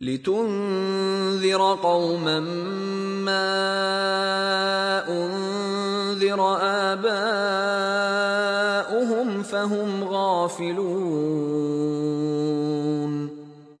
لتنذر قوما ما انذر اباؤهم فهم غافلون